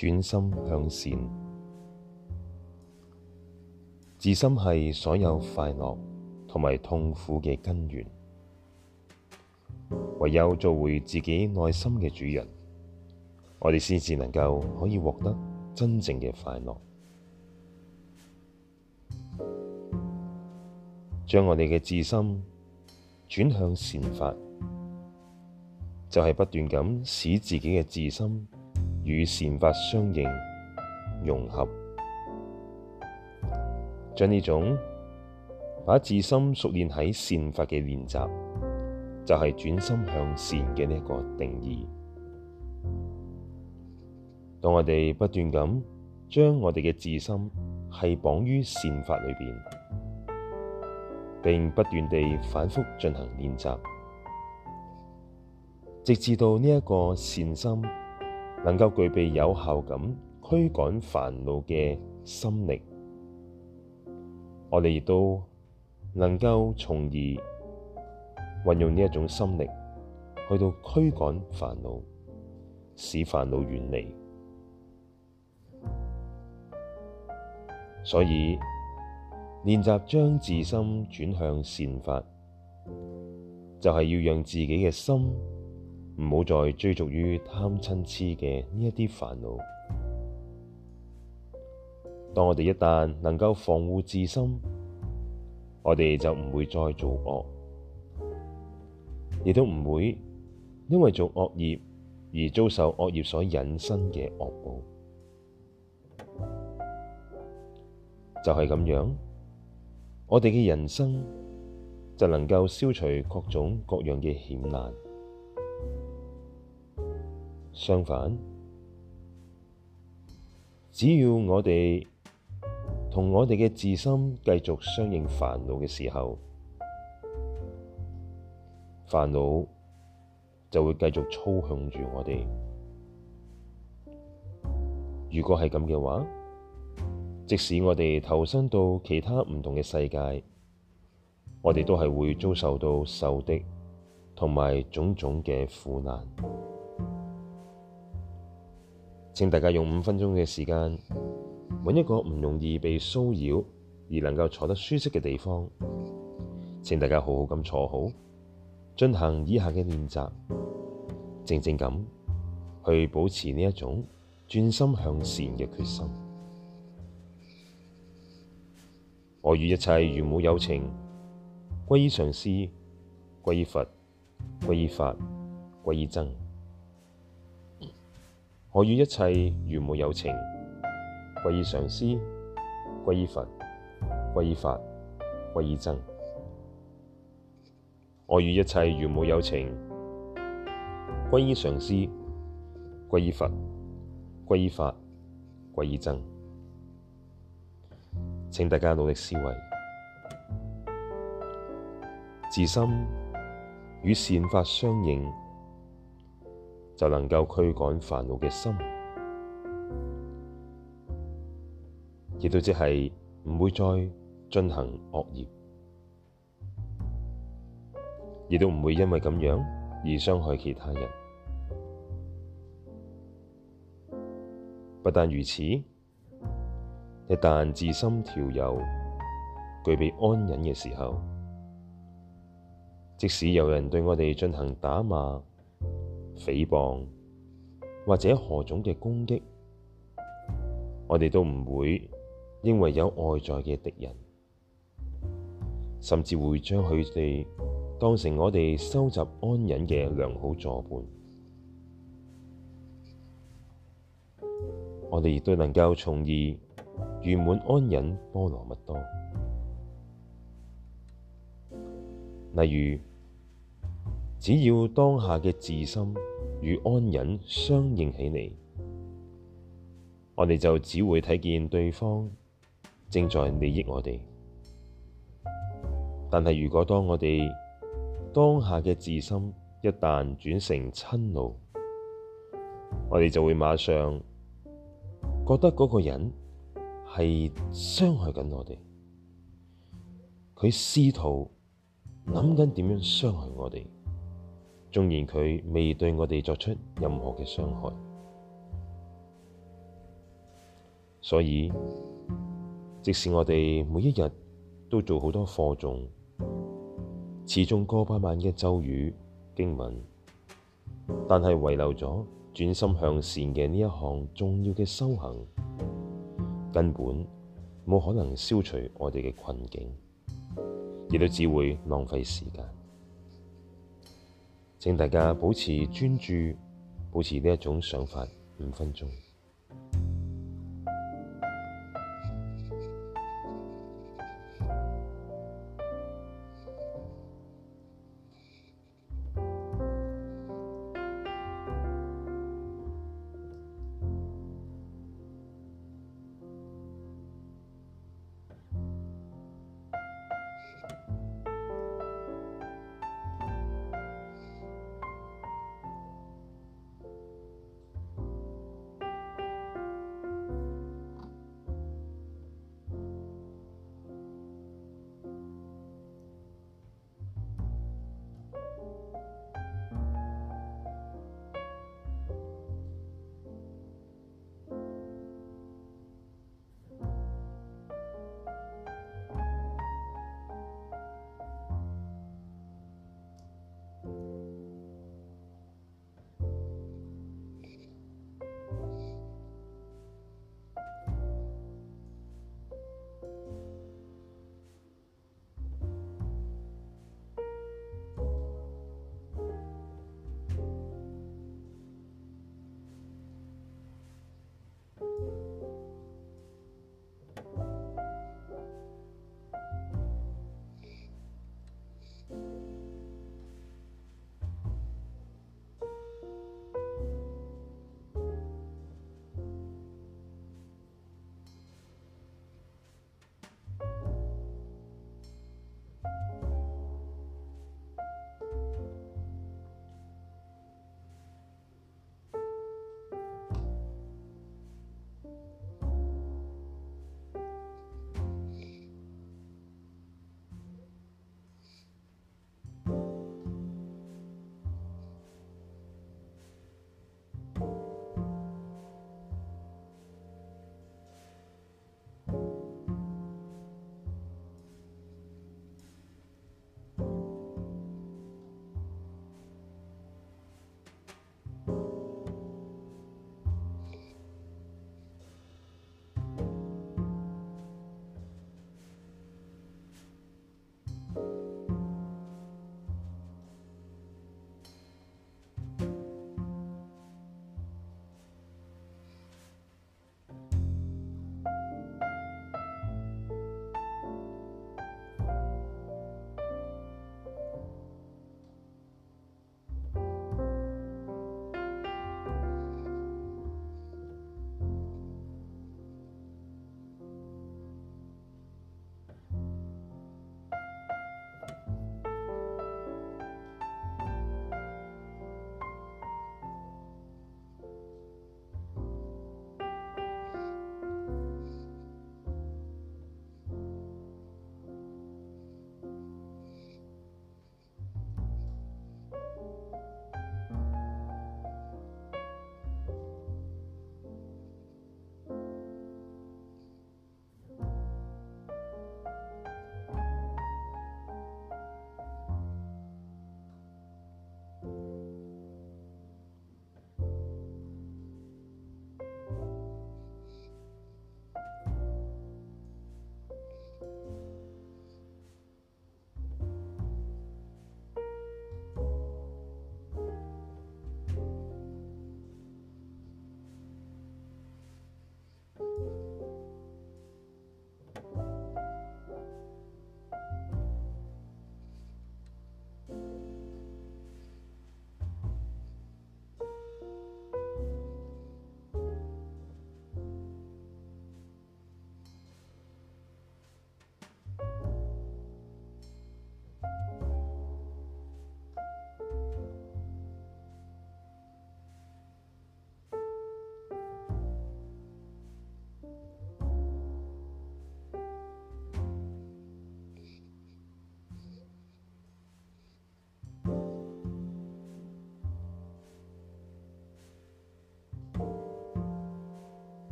轉心向善，自心係所有快樂同埋痛苦嘅根源。唯有做回自己內心嘅主人，我哋先至能夠可以獲得真正嘅快樂。將我哋嘅自心轉向善法，就係、是、不斷咁使自己嘅自心。與善法相應融合，將呢種把自心熟練喺善法嘅練習，就係轉心向善嘅呢一個定義。當我哋不斷咁將我哋嘅自心係綁於善法裏邊，並不斷地反覆進行練習，直至到呢一個善心。能夠具備有效咁驅趕煩惱嘅心力，我哋亦都能夠從而運用呢一種心力去到驅趕煩惱，使煩惱遠離。所以練習將自心轉向善法，就係要讓自己嘅心。唔好再追逐於貪嗔痴嘅呢一啲煩惱。當我哋一旦能夠防護自心，我哋就唔會再做惡，亦都唔會因為做惡業而遭受惡業所引生嘅惡報。就係咁樣，我哋嘅人生就能夠消除各種各樣嘅險難。相反，只要我哋同我哋嘅自心繼續相應煩惱嘅時候，煩惱就會繼續操控住我哋。如果係咁嘅話，即使我哋投身到其他唔同嘅世界，我哋都係會遭受到仇敵同埋種種嘅苦難。請大家用五分鐘嘅時間，揾一個唔容易被騷擾而能夠坐得舒適嘅地方。請大家好好咁坐好，進行以下嘅練習，靜靜咁去保持呢一種轉心向善嘅決心。我與一切如母有情，皈依上師，歸依佛，歸依法，歸依僧。我與一切如母有情，皈依上師，皈依佛，皈依法，皈依僧。我與一切如母有情，皈依上師，皈依佛，皈依法，皈依僧。請大家努力思維，自心與善法相應。就能夠驅趕煩惱嘅心，亦都即係唔會再進行惡業，亦都唔會因為咁樣而傷害其他人。不但如此，一旦自心調柔、具備安忍嘅時候，即使有人對我哋進行打罵，誹謗或者何種嘅攻擊，我哋都唔會認為有外在嘅敵人，甚至會將佢哋當成我哋收集安忍嘅良好助伴。我哋亦都能夠從而圓滿安忍波羅蜜多。例如，只要當下嘅自心與安忍相應起嚟，我哋就只會睇見對方正在利益我哋。但係如果當我哋當下嘅自心一旦轉成嗔怒，我哋就會馬上覺得嗰個人係傷害緊我哋，佢試圖諗緊點樣傷害我哋。縱然佢未對我哋作出任何嘅傷害，所以即使我哋每一日都做好多課誦、持誦過百萬嘅咒語經文，但係遺留咗轉心向善嘅呢一項重要嘅修行，根本冇可能消除我哋嘅困境，亦都只會浪費時間。請大家保持專注，保持呢一種想法五分鐘。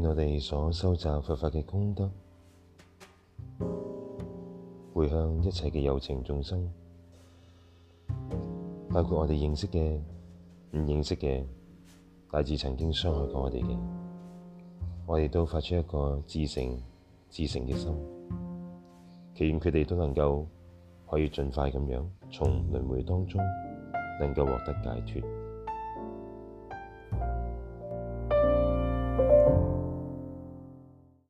願我哋所修習佛法嘅功德，回向一切嘅有情眾生，包括我哋認識嘅、唔認識嘅，乃至曾經傷害過我哋嘅，我哋都發出一個至誠、至誠嘅心，祈願佢哋都能夠可以盡快咁樣從輪迴當中能夠獲得解脫。